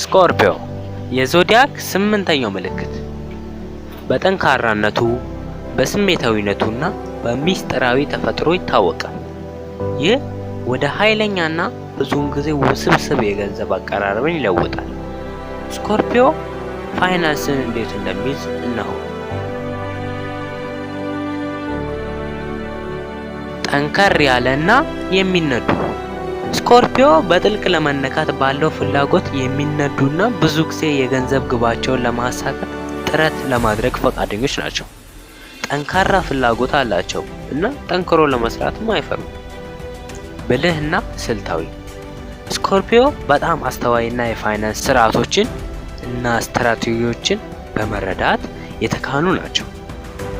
ስኮርፒዮ የዞዲያክ ስምንተኛው ምልክት በጠንካራነቱ በስሜታዊነቱና በሚስጥራዊ ተፈጥሮ ይታወቃል። ይህ ወደ ኃይለኛና ብዙውን ጊዜ ውስብስብ የገንዘብ አቀራረብን ይለውጣል። ስኮርፒዮ ፋይናንስን እንዴት እንደሚይዝ እነሆ። ጠንከር ያለና የሚነዱ ስኮርፒዮ በጥልቅ ለመነካት ባለው ፍላጎት የሚነዱና ብዙ ጊዜ የገንዘብ ግባቸውን ለማሳካት ጥረት ለማድረግ ፈቃደኞች ናቸው። ጠንካራ ፍላጎት አላቸው እና ጠንክሮ ለመስራትም አይፈሩም። ብልህና ስልታዊ ስኮርፒዮ በጣም አስተዋይና የፋይናንስ ስርዓቶችን እና ስትራቴጂዎችን በመረዳት የተካኑ ናቸው።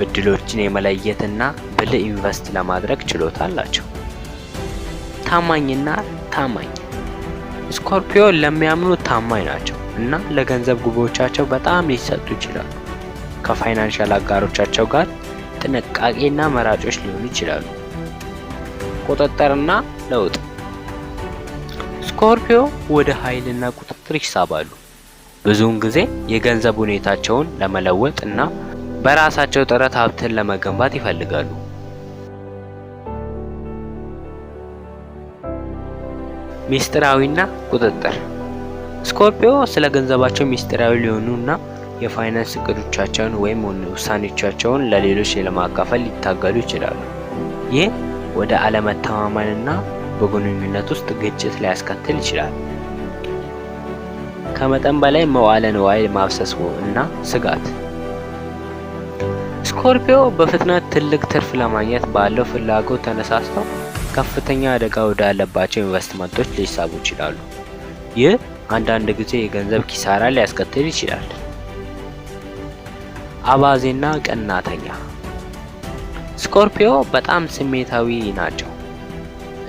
እድሎችን የመለየትና ብልህ ኢንቨስት ለማድረግ ችሎታ አላቸው። ታማኝና ታማኝ ስኮርፒዮ ለሚያምኑ ታማኝ ናቸው እና ለገንዘብ ጉቦቻቸው በጣም ሊሰጡ ይችላሉ። ከፋይናንሻል አጋሮቻቸው ጋር ጥንቃቄና መራጮች ሊሆኑ ይችላሉ። ቁጥጥርና ለውጥ ስኮርፒዮ ወደ ኃይልና ቁጥጥር ይሳባሉ። ብዙውን ጊዜ የገንዘብ ሁኔታቸውን ለመለወጥ እና በራሳቸው ጥረት ሀብትን ለመገንባት ይፈልጋሉ። ሚስጥራዊና ቁጥጥር ስኮርፒዮ ስለ ገንዘባቸው ሚስጥራዊ ሊሆኑና የፋይናንስ እቅዶቻቸውን ወይም ውሳኔዎቻቸውን ለሌሎች ለማካፈል ሊታገሉ ይችላሉ። ይህ ወደ አለመተማመንና በግንኙነት ውስጥ ግጭት ሊያስከትል ይችላል። ከመጠን በላይ መዋለ ንዋይ ማፍሰስ እና ስጋት ስኮርፒዮ በፍጥነት ትልቅ ትርፍ ለማግኘት ባለው ፍላጎት ተነሳስተው ከፍተኛ አደጋ ወዳለባቸው ኢንቨስትመንቶች ሊሳቡ ይችላሉ። ይህ አንዳንድ ጊዜ የገንዘብ ኪሳራ ሊያስከትል ይችላል። አባዜና ቀናተኛ ስኮርፒዮ በጣም ስሜታዊ ናቸው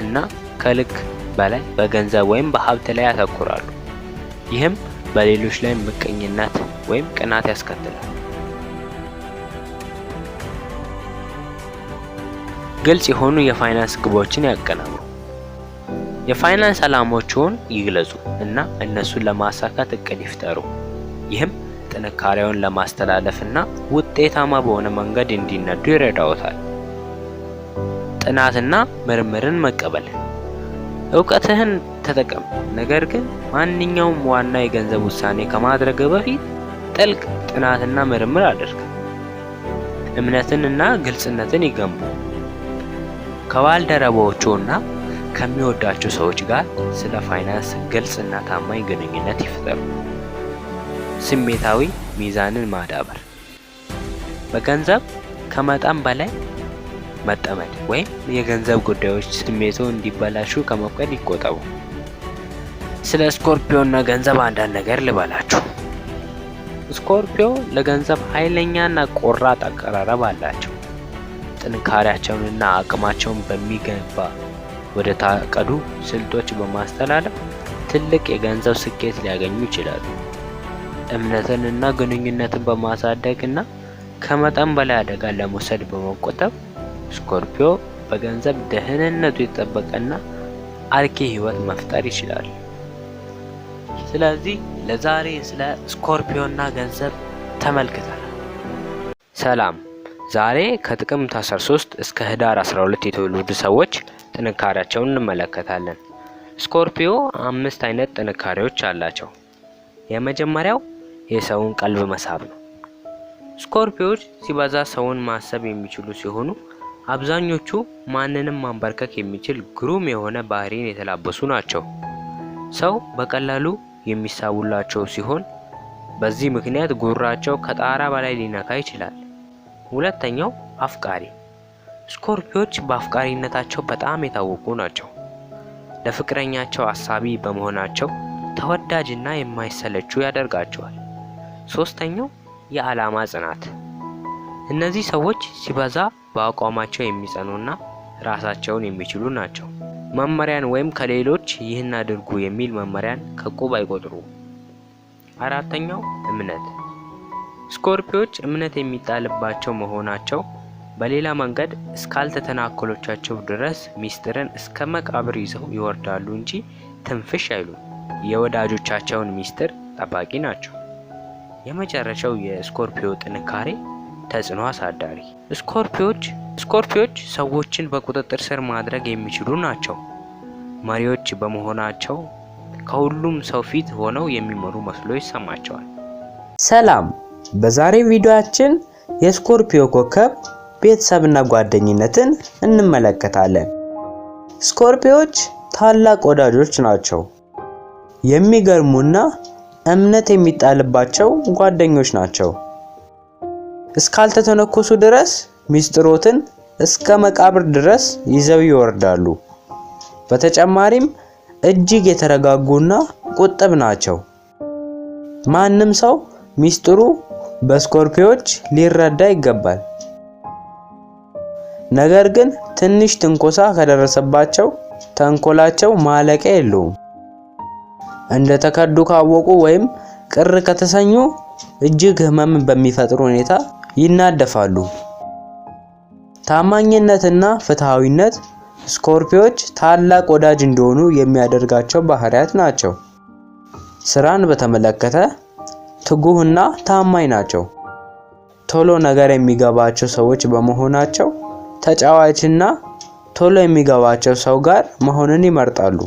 እና ከልክ በላይ በገንዘብ ወይም በሀብት ላይ ያተኩራሉ። ይህም በሌሎች ላይ ምቀኝነት ወይም ቅናት ያስከትላል። ግልጽ የሆኑ የፋይናንስ ግቦችን ያቀናብሩ። የፋይናንስ ዓላማዎችዎን ይግለጹ እና እነሱን ለማሳካት እቅድ ይፍጠሩ። ይህም ጥንካሬውን ለማስተላለፍ እና ውጤታማ በሆነ መንገድ እንዲነዱ ይረዳዎታል። ጥናትና ምርምርን መቀበል። እውቀትህን ተጠቀም፣ ነገር ግን ማንኛውም ዋና የገንዘብ ውሳኔ ከማድረግ በፊት ጥልቅ ጥናትና ምርምር አድርግ። እምነትን እና ግልጽነትን ይገንቡ። ከባልደረባዎቹና ከሚወዳቸው ሰዎች ጋር ስለ ፋይናንስ ግልጽና ታማኝ ግንኙነት ይፍጠሩ። ስሜታዊ ሚዛንን ማዳበር በገንዘብ ከመጠን በላይ መጠመድ ወይም የገንዘብ ጉዳዮች ስሜቶ እንዲበላሹ ከመፍቀድ ይቆጠቡ። ስለ ስኮርፒዮና ገንዘብ አንዳንድ ነገር ልበላችሁ። ስኮርፒዮ ለገንዘብ ኃይለኛና ቆራጥ አቀራረብ አላቸው። ጥንካሬያቸውንና አቅማቸውን በሚገባ ወደ ታቀዱ ስልቶች በማስተላለፍ ትልቅ የገንዘብ ስኬት ሊያገኙ ይችላሉ። እምነትንና ግንኙነትን እና ከመጠን በላይ አደጋ ለመውሰድ በመቆጠብ ስኮርፒዮ በገንዘብ ደህንነቱ የተጠበቀና አርኪ ህይወት መፍጠር ይችላል። ስለዚህ ለዛሬ ስለ ስኮርፒዮና ገንዘብ ተመልክተናል። ሰላም። ዛሬ ከጥቅምት 13 እስከ ህዳር 12 የተወለዱ ሰዎች ጥንካሬያቸውን እንመለከታለን። ስኮርፒዮ አምስት አይነት ጥንካሬዎች አላቸው። የመጀመሪያው የሰውን ቀልብ መሳብ ነው። ስኮርፒዮች ሲበዛ ሰውን ማሰብ የሚችሉ ሲሆኑ አብዛኞቹ ማንንም ማንበርከክ የሚችል ግሩም የሆነ ባህሪን የተላበሱ ናቸው። ሰው በቀላሉ የሚሳቡላቸው ሲሆን በዚህ ምክንያት ጉራቸው ከጣራ በላይ ሊነካ ይችላል። ሁለተኛው አፍቃሪ። ስኮርፒዎች በአፍቃሪነታቸው በጣም የታወቁ ናቸው። ለፍቅረኛቸው አሳቢ በመሆናቸው ተወዳጅና የማይሰለቹ ያደርጋቸዋል። ሶስተኛው የዓላማ ጽናት። እነዚህ ሰዎች ሲበዛ በአቋማቸው የሚጸኑና ራሳቸውን የሚችሉ ናቸው። መመሪያን ወይም ከሌሎች ይህን አድርጉ የሚል መመሪያን ከቁብ አይቆጥሩ። አራተኛው እምነት ስኮርፒዮች እምነት የሚጣልባቸው መሆናቸው በሌላ መንገድ እስካልተተናኮሎቻቸው ድረስ ሚስጥርን እስከ መቃብር ይዘው ይወርዳሉ እንጂ ትንፍሽ አይሉ የወዳጆቻቸውን ሚስጥር ጠባቂ ናቸው። የመጨረሻው የስኮርፒዮ ጥንካሬ ተጽዕኖ አሳዳሪ። ስኮርፒዎች ስኮርፒዎች ሰዎችን በቁጥጥር ስር ማድረግ የሚችሉ ናቸው። መሪዎች በመሆናቸው ከሁሉም ሰው ፊት ሆነው የሚመሩ መስሎ ይሰማቸዋል። ሰላም በዛሬ ቪዲዮአችን የስኮርፒዮ ኮከብ ቤተሰብና ጓደኝነትን እንመለከታለን። ስኮርፒዮች ታላቅ ወዳጆች ናቸው። የሚገርሙና እምነት የሚጣልባቸው ጓደኞች ናቸው። እስካልተተነኮሱ ድረስ ሚስጥሮትን እስከ መቃብር ድረስ ይዘው ይወርዳሉ። በተጨማሪም እጅግ የተረጋጉና ቁጥብ ናቸው። ማንም ሰው ሚስጥሩ በስኮርፒዮች ሊረዳ ይገባል። ነገር ግን ትንሽ ትንኮሳ ከደረሰባቸው ተንኮላቸው ማለቂያ የለውም። እንደ ተከዱ ካወቁ ወይም ቅር ከተሰኙ እጅግ ህመም በሚፈጥር ሁኔታ ይናደፋሉ። ታማኝነትና ፍትሐዊነት ስኮርፒዎች ታላቅ ወዳጅ እንደሆኑ የሚያደርጋቸው ባህሪያት ናቸው። ስራን በተመለከተ ትጉህና ታማኝ ናቸው። ቶሎ ነገር የሚገባቸው ሰዎች በመሆናቸው ተጫዋችና ቶሎ የሚገባቸው ሰው ጋር መሆንን ይመርጣሉ።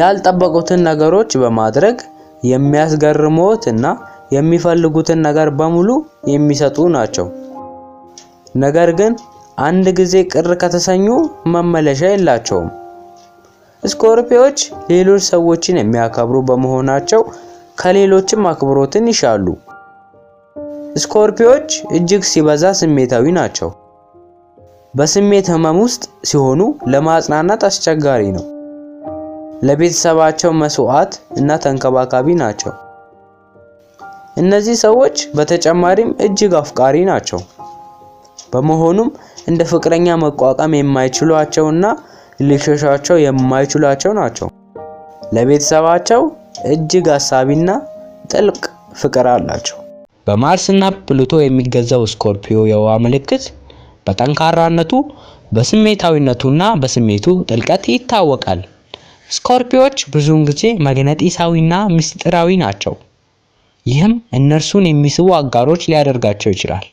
ያልጠበቁትን ነገሮች በማድረግ የሚያስገርሙት እና የሚፈልጉትን ነገር በሙሉ የሚሰጡ ናቸው። ነገር ግን አንድ ጊዜ ቅር ከተሰኙ መመለሻ የላቸውም። ስኮርፒዎች ሌሎች ሰዎችን የሚያከብሩ በመሆናቸው ከሌሎችም አክብሮትን ይሻሉ። ስኮርፒዮች እጅግ ሲበዛ ስሜታዊ ናቸው። በስሜት ህመም ውስጥ ሲሆኑ ለማጽናናት አስቸጋሪ ነው። ለቤተሰባቸው መስዋዕት እና ተንከባካቢ ናቸው። እነዚህ ሰዎች በተጨማሪም እጅግ አፍቃሪ ናቸው። በመሆኑም እንደ ፍቅረኛ መቋቋም የማይችሏቸውና ሊሸሻቸው የማይችሏቸው ናቸው። ለቤተሰባቸው እጅግ አሳቢና ጥልቅ ፍቅር አላቸው። በማርስና ፕሉቶ የሚገዛው ስኮርፒዮ የውሃ ምልክት በጠንካራነቱ በስሜታዊነቱና በስሜቱ ጥልቀት ይታወቃል። ስኮርፒዮች ብዙውን ጊዜ መግነጢሳዊና ምስጢራዊ ናቸው። ይህም እነርሱን የሚስቡ አጋሮች ሊያደርጋቸው ይችላል።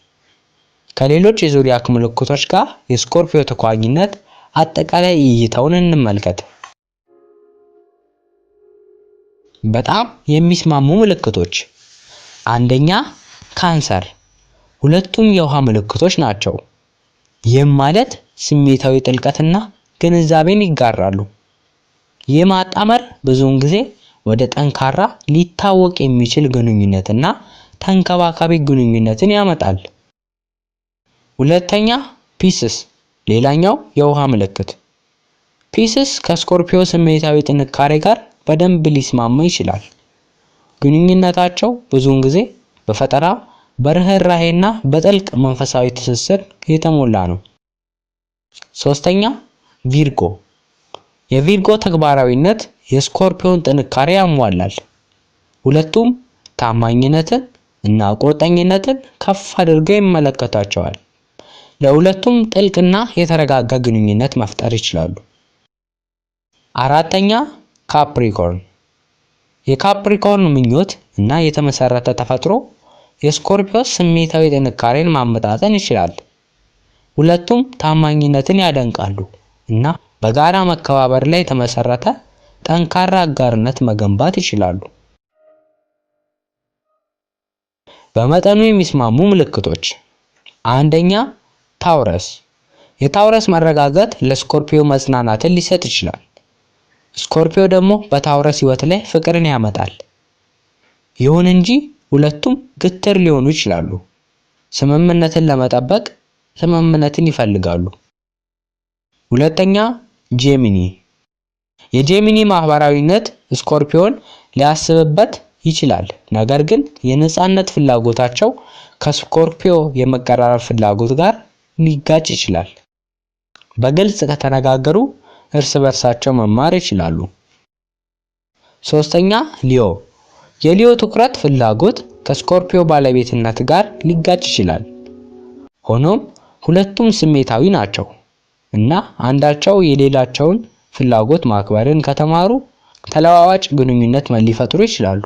ከሌሎች የዞዲያክ ምልክቶች ጋር የስኮርፒዮ ተኳኋኝነት አጠቃላይ እይታውን እንመልከት። በጣም የሚስማሙ ምልክቶች አንደኛ ካንሰር ሁለቱም የውሃ ምልክቶች ናቸው። ይህም ማለት ስሜታዊ ጥልቀትና ግንዛቤን ይጋራሉ። ይህ ማጣመር ብዙውን ጊዜ ወደ ጠንካራ ሊታወቅ የሚችል ግንኙነትና ተንከባካቢ ግንኙነትን ያመጣል። ሁለተኛ ፒስስ፣ ሌላኛው የውሃ ምልክት ፒስስ ከስኮርፒዮ ስሜታዊ ጥንካሬ ጋር በደንብ ሊስማማ ይችላል። ግንኙነታቸው ብዙውን ጊዜ በፈጠራ በርህራሄና በጥልቅ መንፈሳዊ ትስስር የተሞላ ነው። ሶስተኛ ቪርጎ፣ የቪርጎ ተግባራዊነት የስኮርፒዮን ጥንካሬ ያሟላል። ሁለቱም ታማኝነትን እና ቁርጠኝነትን ከፍ አድርገው ይመለከታቸዋል። ለሁለቱም ጥልቅና የተረጋጋ ግንኙነት መፍጠር ይችላሉ። አራተኛ ካፕሪኮርን የካፕሪኮርን ምኞት እና የተመሰረተ ተፈጥሮ የስኮርፒዮስ ስሜታዊ ጥንካሬን ማመጣጠን ይችላል። ሁለቱም ታማኝነትን ያደንቃሉ እና በጋራ መከባበር ላይ የተመሰረተ ጠንካራ አጋርነት መገንባት ይችላሉ። በመጠኑ የሚስማሙ ምልክቶች፣ አንደኛ ታውረስ። የታውረስ መረጋጋት ለስኮርፒዮ መጽናናትን ሊሰጥ ይችላል። ስኮርፒዮ ደግሞ በታውረስ ህይወት ላይ ፍቅርን ያመጣል። ይሁን እንጂ ሁለቱም ግትር ሊሆኑ ይችላሉ። ስምምነትን ለመጠበቅ ስምምነትን ይፈልጋሉ። ሁለተኛ ጄሚኒ። የጄሚኒ ማህበራዊነት ስኮርፒዮን ሊያስብበት ይችላል። ነገር ግን የነጻነት ፍላጎታቸው ከስኮርፒዮ የመቀራረብ ፍላጎት ጋር ሊጋጭ ይችላል። በግልጽ ከተነጋገሩ እርስ በርሳቸው መማር ይችላሉ። ሶስተኛ ሊዮ የሊዮ ትኩረት ፍላጎት ከስኮርፒዮ ባለቤትነት ጋር ሊጋጭ ይችላል። ሆኖም ሁለቱም ስሜታዊ ናቸው እና አንዳቸው የሌላቸውን ፍላጎት ማክበርን ከተማሩ ተለዋዋጭ ግንኙነት ሊፈጥሩ ይችላሉ።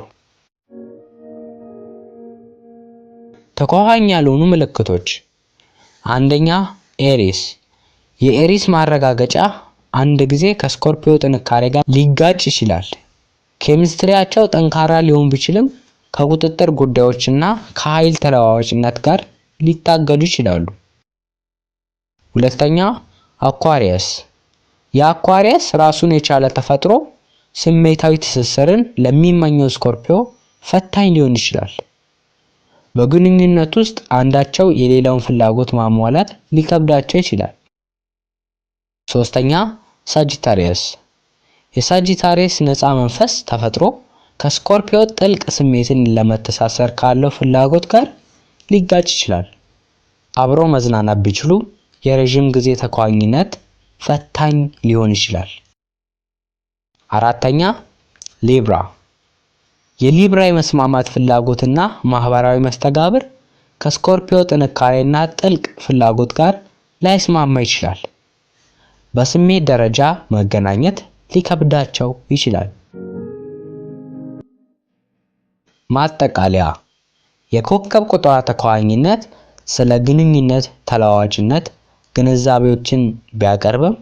ተኳኋኝ ያልሆኑ ምልክቶች አንደኛ ኤሪስ የኤሪስ ማረጋገጫ አንድ ጊዜ ከስኮርፒዮ ጥንካሬ ጋር ሊጋጭ ይችላል። ኬሚስትሪያቸው ጠንካራ ሊሆን ቢችልም ከቁጥጥር ጉዳዮችና ከኃይል ተለዋዋጭነት ጋር ሊታገዱ ይችላሉ። ሁለተኛ አኳሪየስ። የአኳሪየስ ራሱን የቻለ ተፈጥሮ ስሜታዊ ትስስርን ለሚመኘው ስኮርፒዮ ፈታኝ ሊሆን ይችላል። በግንኙነት ውስጥ አንዳቸው የሌላውን ፍላጎት ማሟላት ሊከብዳቸው ይችላል። ሶስተኛ ሳጂታሪየስ የሳጂታሪየስ ነፃ መንፈስ ተፈጥሮ ከስኮርፒዮ ጥልቅ ስሜትን ለመተሳሰር ካለው ፍላጎት ጋር ሊጋጭ ይችላል። አብሮ መዝናናት ቢችሉ የረዥም ጊዜ ተኳኝነት ፈታኝ ሊሆን ይችላል። አራተኛ ሊብራ የሊብራ የመስማማት ፍላጎትና ማህበራዊ መስተጋብር ከስኮርፒዮ ጥንካሬና ጥልቅ ፍላጎት ጋር ላይስማማ ይችላል። በስሜት ደረጃ መገናኘት ሊከብዳቸው ይችላል። ማጠቃለያ፣ የኮከብ ቆጠራ ተኳኋኝነት ስለ ግንኙነት ተለዋዋጭነት ግንዛቤዎችን ቢያቀርብም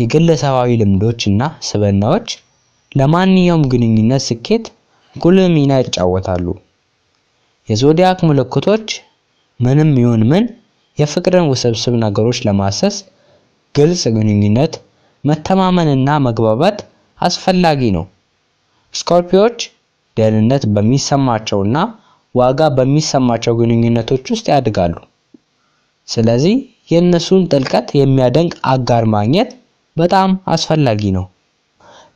የግለሰባዊ ልምዶች እና ስብዕናዎች ለማንኛውም ግንኙነት ስኬት ጉልህ ሚና ይጫወታሉ። የዞዲያክ ምልክቶች ምንም ይሁን ምን የፍቅርን ውስብስብ ነገሮች ለማሰስ ግልጽ ግንኙነት፣ መተማመንና መግባባት አስፈላጊ ነው። ስኮርፒዮች ደህንነት በሚሰማቸውና ዋጋ በሚሰማቸው ግንኙነቶች ውስጥ ያድጋሉ። ስለዚህ የእነሱን ጥልቀት የሚያደንቅ አጋር ማግኘት በጣም አስፈላጊ ነው።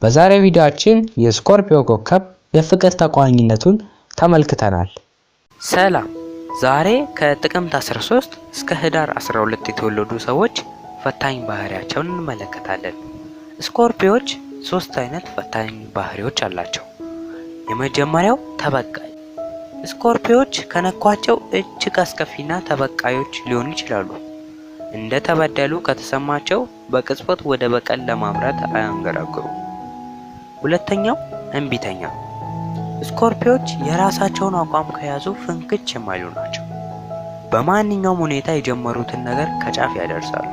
በዛሬው ቪዲዮአችን የስኮርፒዮ ኮከብ የፍቅር ተቋኝነቱን ተመልክተናል። ሰላም። ዛሬ ከጥቅምት 13 እስከ ህዳር 12 የተወለዱ ሰዎች ፈታኝ ባህሪያቸውን እንመለከታለን። ስኮርፒዎች ሶስት አይነት ፈታኝ ባህሪዎች አላቸው። የመጀመሪያው ተበቃይ። ስኮርፒዎች ከነኳቸው እጅግ አስከፊና ተበቃዮች ሊሆኑ ይችላሉ። እንደ ተበደሉ ከተሰማቸው በቅጽበት ወደ በቀል ለማምራት አያንገራግሩ። ሁለተኛው እንቢተኛ። ስኮርፒዎች የራሳቸውን አቋም ከያዙ ፍንክች የማይሉ ናቸው። በማንኛውም ሁኔታ የጀመሩትን ነገር ከጫፍ ያደርሳሉ።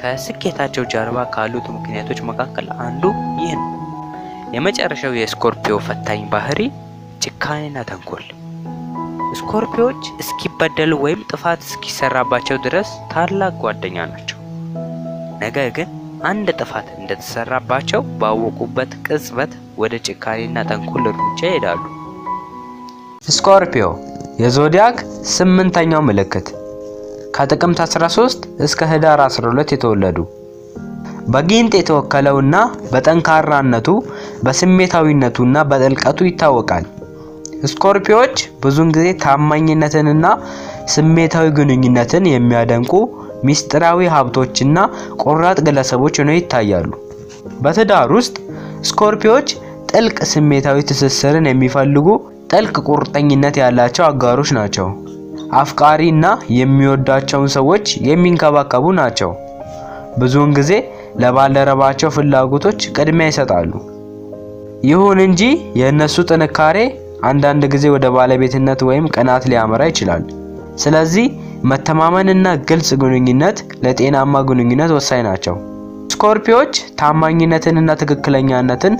ከስኬታቸው ጀርባ ካሉት ምክንያቶች መካከል አንዱ ይህ ነው። የመጨረሻው የስኮርፒዮ ፈታኝ ባህሪ ጭካኔና ተንኮል። ስኮርፒዮች እስኪበደሉ ወይም ጥፋት እስኪሰራባቸው ድረስ ታላቅ ጓደኛ ናቸው። ነገር ግን አንድ ጥፋት እንደተሰራባቸው ባወቁበት ቅጽበት ወደ ጭካኔና ተንኮል እርምጃ ይሄዳሉ። ስኮርፒዮ የዞዲያክ ስምንተኛው ምልክት ከጥቅምት 13 እስከ ህዳር 12 የተወለዱ በጊንጥ የተወከለውና በጠንካራነቱ በስሜታዊነቱና በጥልቀቱ ይታወቃል። ስኮርፒዮች ብዙውን ጊዜ ታማኝነትንና ስሜታዊ ግንኙነትን የሚያደንቁ ሚስጥራዊ ሀብቶችና ቆራጥ ግለሰቦች ሆነው ይታያሉ። በትዳር ውስጥ ስኮርፒዮች ጥልቅ ስሜታዊ ትስስርን የሚፈልጉ ጥልቅ ቁርጠኝነት ያላቸው አጋሮች ናቸው። አፍቃሪ እና የሚወዳቸውን ሰዎች የሚንከባከቡ ናቸው። ብዙውን ጊዜ ለባልደረባቸው ፍላጎቶች ቅድሚያ ይሰጣሉ። ይሁን እንጂ የእነሱ ጥንካሬ አንዳንድ ጊዜ ወደ ባለቤትነት ወይም ቅናት ሊያመራ ይችላል። ስለዚህ መተማመንና ግልጽ ግንኙነት ለጤናማ ግንኙነት ወሳኝ ናቸው። ስኮርፒዎች ታማኝነትንና ትክክለኛነትን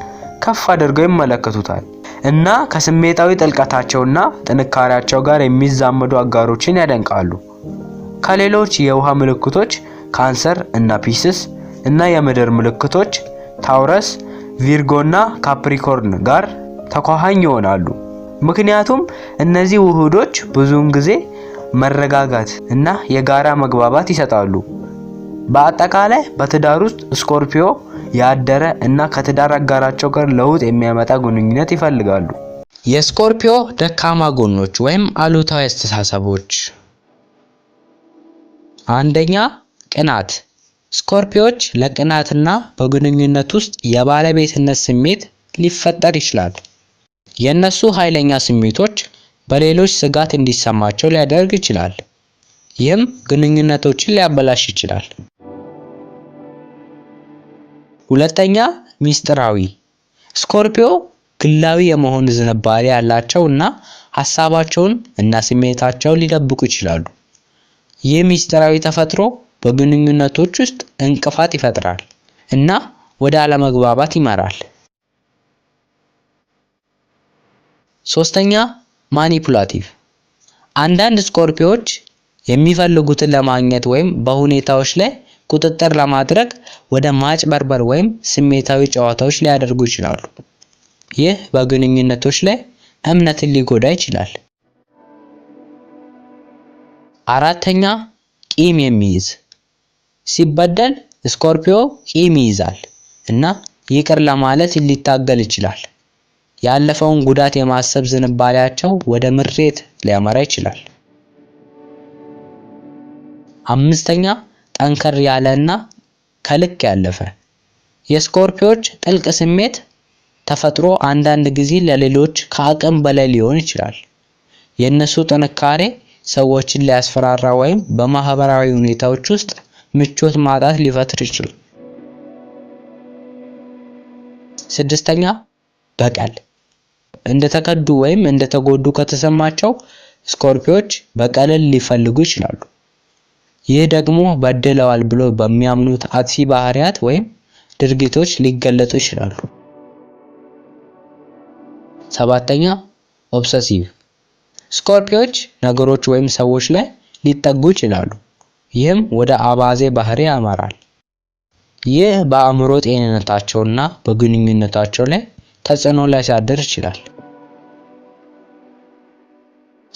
ከፍ አድርገው ይመለከቱታል። እና ከስሜታዊ ጥልቀታቸውና ጥንካሬያቸው ጋር የሚዛመዱ አጋሮችን ያደንቃሉ። ከሌሎች የውሃ ምልክቶች ካንሰር እና ፒስስ እና የምድር ምልክቶች ታውረስ፣ ቪርጎና ካፕሪኮርን ጋር ተኳኋኝ ይሆናሉ። ምክንያቱም እነዚህ ውህዶች ብዙውን ጊዜ መረጋጋት እና የጋራ መግባባት ይሰጣሉ። በአጠቃላይ በትዳር ውስጥ ስኮርፒዮ ያደረ እና ከትዳር አጋራቸው ጋር ለውጥ የሚያመጣ ግንኙነት ይፈልጋሉ። የስኮርፒዮ ደካማ ጎኖች ወይም አሉታዊ አስተሳሰቦች፣ አንደኛ ቅናት። ስኮርፒዮች ለቅናትና በግንኙነት ውስጥ የባለቤትነት ስሜት ሊፈጠር ይችላል። የእነሱ ኃይለኛ ስሜቶች በሌሎች ስጋት እንዲሰማቸው ሊያደርግ ይችላል። ይህም ግንኙነቶችን ሊያበላሽ ይችላል። ሁለተኛ ሚስጥራዊ። ስኮርፒዮ ግላዊ የመሆን ዝንባሌ ያላቸው እና ሀሳባቸውን እና ስሜታቸውን ሊደብቁ ይችላሉ። ይህ ሚስጥራዊ ተፈጥሮ በግንኙነቶች ውስጥ እንቅፋት ይፈጥራል እና ወደ አለመግባባት ይመራል። ሶስተኛ ማኒፑላቲቭ። አንዳንድ ስኮርፒዮች የሚፈልጉትን ለማግኘት ወይም በሁኔታዎች ላይ ቁጥጥር ለማድረግ ወደ ማጭበርበር ወይም ስሜታዊ ጨዋታዎች ሊያደርጉ ይችላሉ። ይህ በግንኙነቶች ላይ እምነትን ሊጎዳ ይችላል። አራተኛ ቂም የሚይዝ ሲበደል ስኮርፒዮ ቂም ይይዛል እና ይቅር ለማለት ሊታገል ይችላል። ያለፈውን ጉዳት የማሰብ ዝንባሌያቸው ወደ ምሬት ሊያመራ ይችላል። አምስተኛ ጠንከር ያለ እና ከልክ ያለፈ። የስኮርፒዎች ጥልቅ ስሜት ተፈጥሮ አንዳንድ ጊዜ ለሌሎች ከአቅም በላይ ሊሆን ይችላል። የእነሱ ጥንካሬ ሰዎችን ሊያስፈራራ ወይም በማህበራዊ ሁኔታዎች ውስጥ ምቾት ማጣት ሊፈጥር ይችላል። ስድስተኛ በቀል። እንደተከዱ ወይም እንደተጎዱ ከተሰማቸው ስኮርፒዎች በቀልን ሊፈልጉ ይችላሉ። ይህ ደግሞ በድለዋል ብሎ በሚያምኑት አጥፊ ባህሪያት ወይም ድርጊቶች ሊገለጡ ይችላሉ። ሰባተኛ ኦብሰሲቭ ስኮርፒዎች ነገሮች ወይም ሰዎች ላይ ሊጠጉ ይችላሉ። ይህም ወደ አባዜ ባህሪ ያመራል። ይህ በአእምሮ ጤንነታቸውና በግንኙነታቸው ላይ ተጽዕኖ ሊያሳድር ይችላል።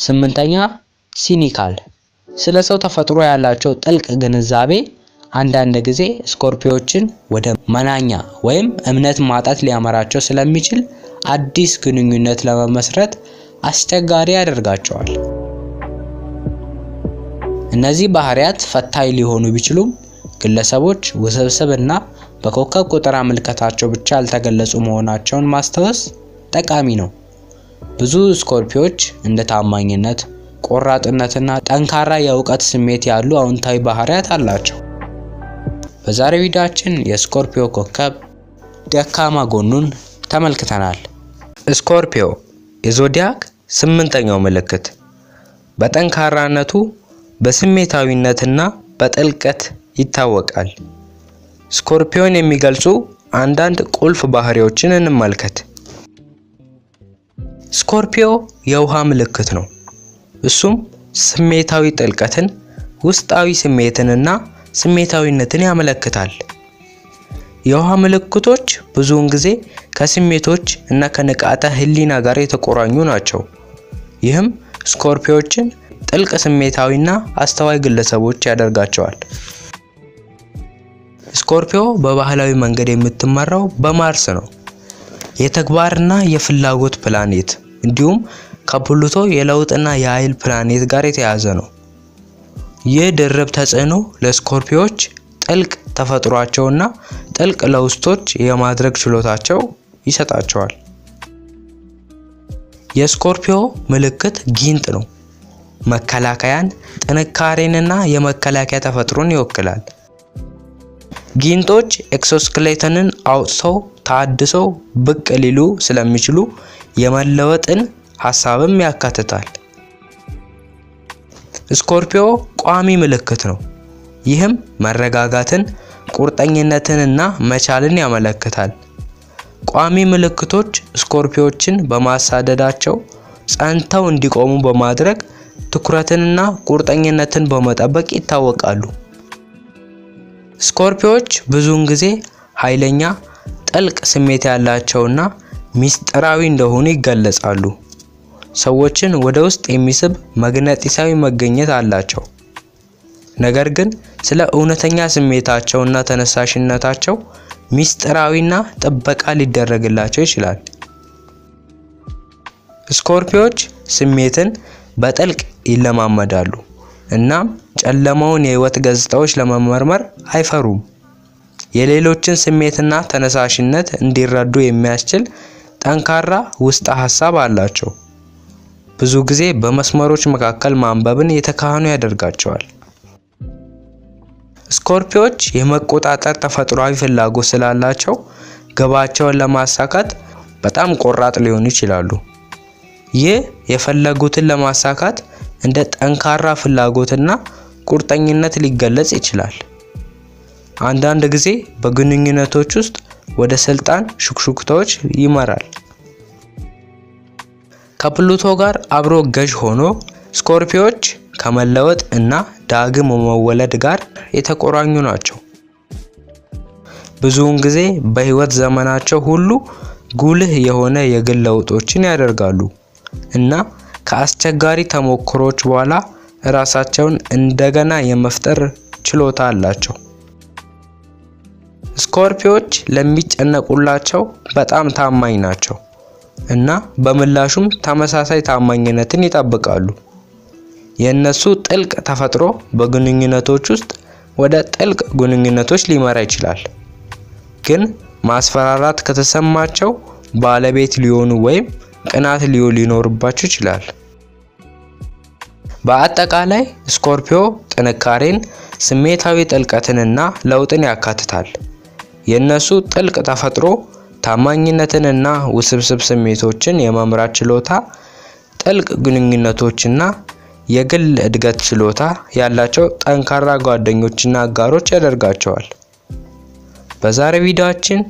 ስምንተኛ ሲኒካል ስለ ሰው ተፈጥሮ ያላቸው ጥልቅ ግንዛቤ አንዳንድ ጊዜ ስኮርፒዮችን ወደ መናኛ ወይም እምነት ማጣት ሊያመራቸው ስለሚችል አዲስ ግንኙነት ለመመስረት አስቸጋሪ ያደርጋቸዋል። እነዚህ ባህሪያት ፈታኝ ሊሆኑ ቢችሉም ግለሰቦች ውስብስብና በኮከብ ቁጥር መልከታቸው ብቻ ያልተገለጹ መሆናቸውን ማስታወስ ጠቃሚ ነው። ብዙ ስኮርፒዮች እንደ ታማኝነት ቆራጥነትና ጠንካራ የእውቀት ስሜት ያሉ አዎንታዊ ባህሪያት አላቸው። በዛሬ ቪዲዮአችን የስኮርፒዮ ኮከብ ደካማ ጎኑን ተመልክተናል። ስኮርፒዮ የዞዲያክ ስምንተኛው ምልክት በጠንካራነቱ በስሜታዊነትና በጥልቀት ይታወቃል። ስኮርፒዮን የሚገልጹ አንዳንድ ቁልፍ ባህሪዎችን እንመልከት። ስኮርፒዮ የውሃ ምልክት ነው። እሱም ስሜታዊ ጥልቀትን፣ ውስጣዊ ስሜትንና ስሜታዊነትን ያመለክታል። የውሃ ምልክቶች ብዙውን ጊዜ ከስሜቶች እና ከንቃተ ህሊና ጋር የተቆራኙ ናቸው። ይህም ስኮርፒዎችን ጥልቅ ስሜታዊና አስተዋይ ግለሰቦች ያደርጋቸዋል። ስኮርፒዮ በባህላዊ መንገድ የምትመራው በማርስ ነው፣ የተግባርና የፍላጎት ፕላኔት እንዲሁም ከፕሉቶ የለውጥና የኃይል ፕላኔት ጋር የተያያዘ ነው። ይህ ድርብ ተጽዕኖ ለስኮርፒዮች ጥልቅ ተፈጥሯቸውና ጥልቅ ለውስቶች የማድረግ ችሎታቸው ይሰጣቸዋል። የስኮርፒዮ ምልክት ጊንጥ ነው። መከላከያን፣ ጥንካሬንና የመከላከያ ተፈጥሮን ይወክላል። ጊንጦች ኤክሶስኬሌተንን አውጥተው ታድሰው ብቅ ሊሉ ስለሚችሉ የመለወጥን ሐሳብም ያካትታል። ስኮርፒዮ ቋሚ ምልክት ነው። ይህም መረጋጋትን፣ ቁርጠኝነትንና መቻልን ያመለክታል። ቋሚ ምልክቶች ስኮርፒዮችን በማሳደዳቸው ጸንተው እንዲቆሙ በማድረግ ትኩረትንና ቁርጠኝነትን በመጠበቅ ይታወቃሉ። ስኮርፒዮች ብዙውን ጊዜ ኃይለኛ፣ ጥልቅ ስሜት ያላቸውና ሚስጥራዊ እንደሆኑ ይገለጻሉ። ሰዎችን ወደ ውስጥ የሚስብ መግነጢሳዊ መገኘት አላቸው። ነገር ግን ስለ እውነተኛ ስሜታቸውና ተነሳሽነታቸው ሚስጥራዊና ጥበቃ ሊደረግላቸው ይችላል። ስኮርፒዮች ስሜትን በጥልቅ ይለማመዳሉ እናም ጨለማውን የህይወት ገጽታዎች ለመመርመር አይፈሩም። የሌሎችን ስሜትና ተነሳሽነት እንዲረዱ የሚያስችል ጠንካራ ውስጥ ሀሳብ አላቸው። ብዙ ጊዜ በመስመሮች መካከል ማንበብን የተካኑ ያደርጋቸዋል። ስኮርፒዎች የመቆጣጠር ተፈጥሯዊ ፍላጎት ስላላቸው ግባቸውን ለማሳካት በጣም ቆራጥ ሊሆኑ ይችላሉ። ይህ የፈለጉትን ለማሳካት እንደ ጠንካራ ፍላጎትና ቁርጠኝነት ሊገለጽ ይችላል። አንዳንድ ጊዜ በግንኙነቶች ውስጥ ወደ ስልጣን ሹክሹክታዎች ይመራል። ከፕሉቶ ጋር አብሮ ገዥ ሆኖ ስኮርፒዮች ከመለወጥ እና ዳግም መወለድ ጋር የተቆራኙ ናቸው። ብዙውን ጊዜ በህይወት ዘመናቸው ሁሉ ጉልህ የሆነ የግል ለውጦችን ያደርጋሉ እና ከአስቸጋሪ ተሞክሮች በኋላ ራሳቸውን እንደገና የመፍጠር ችሎታ አላቸው። ስኮርፒዮች ለሚጨነቁላቸው በጣም ታማኝ ናቸው። እና በምላሹም ተመሳሳይ ታማኝነትን ይጠብቃሉ። የእነሱ ጥልቅ ተፈጥሮ በግንኙነቶች ውስጥ ወደ ጥልቅ ግንኙነቶች ሊመራ ይችላል፣ ግን ማስፈራራት ከተሰማቸው ባለቤት ሊሆኑ ወይም ቅናት ሊኖርባቸው ይችላል። በአጠቃላይ ስኮርፒዮ ጥንካሬን፣ ስሜታዊ ጥልቀትንና ለውጥን ያካትታል። የእነሱ ጥልቅ ተፈጥሮ ታማኝነትንና ውስብስብ ስሜቶችን የመምራት ችሎታ፣ ጥልቅ ግንኙነቶችና የግል እድገት ችሎታ ያላቸው ጠንካራ ጓደኞችና አጋሮች ያደርጋቸዋል። በዛሬ ቪዲዮአችን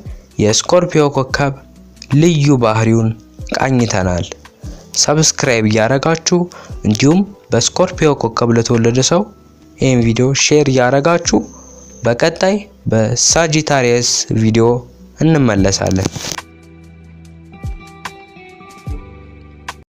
የስኮርፒዮ ኮከብ ልዩ ባህሪውን ቃኝተናል። ሰብስክራይብ እያረጋችሁ እንዲሁም በስኮርፒዮ ኮከብ ለተወለደ ሰው ይህን ቪዲዮ ሼር እያረጋችሁ በቀጣይ በሳጂታሪየስ ቪዲዮ እንመለሳለን